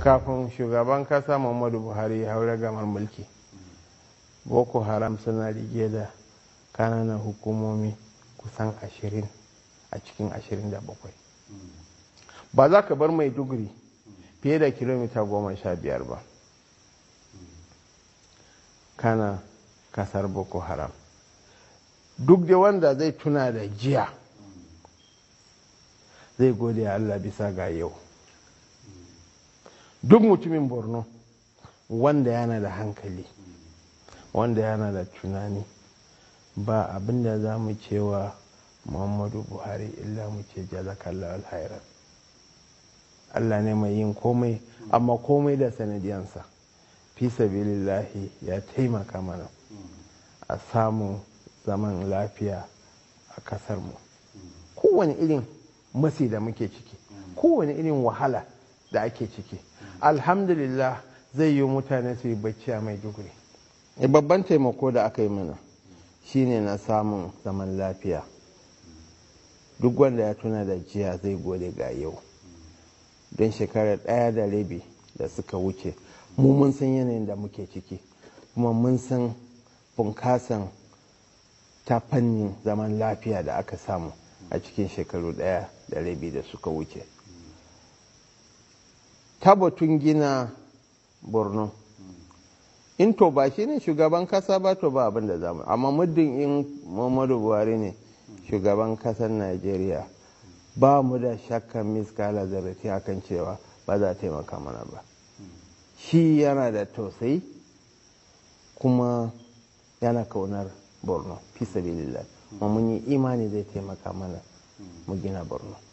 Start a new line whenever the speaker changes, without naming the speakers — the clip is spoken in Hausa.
kafin shugaban kasa muhammadu buhari ya haura gamar mulki boko haram suna rige da kananan hukumomi kusan ashirin a cikin ashirin da bakwai ba za ka bar mai duguri fiye da kilomita goma sha biyar ba kana kasar boko haram duk da wanda zai tuna da jiya zai gode allah bisa ga yau duk mutumin borno wanda yana da hankali wanda yana da tunani ba abin da za mu cewa muhammadu buhari illa mu ce jazakalla alhairan allah ne mai yin komai amma komai da sanadiyansa fi sabilillahi ya taimaka mana a samu zaman lafiya a kasar mu. kowane irin masi da muke ciki kowane irin wahala da ake ciki alhamdulillah zai yi mutane su yi bacci a mai duguri eh, babban taimako da aka yi mana shine na samun zaman lafiya duk wanda ya tuna da jiya zai gode ga yau don shekarar ɗaya da rabi da suka wuce mu mun san yanayin da muke ciki kuma mun san bunkasan ta fannin zaman lafiya da aka samu a cikin shekaru ɗaya da rabi da suka wuce ta gina borno in to ba shi ne shugaban kasa ba to ba abin zamu amma muddin in muhammadu buhari ne shugaban kasar najeriya ba mu da shakkan miskala a kan cewa ba za taimaka mana ba shi yana da tausayi kuma yana kaunar borno fi sabilillah mun yi imani zai taimaka mana mu gina borno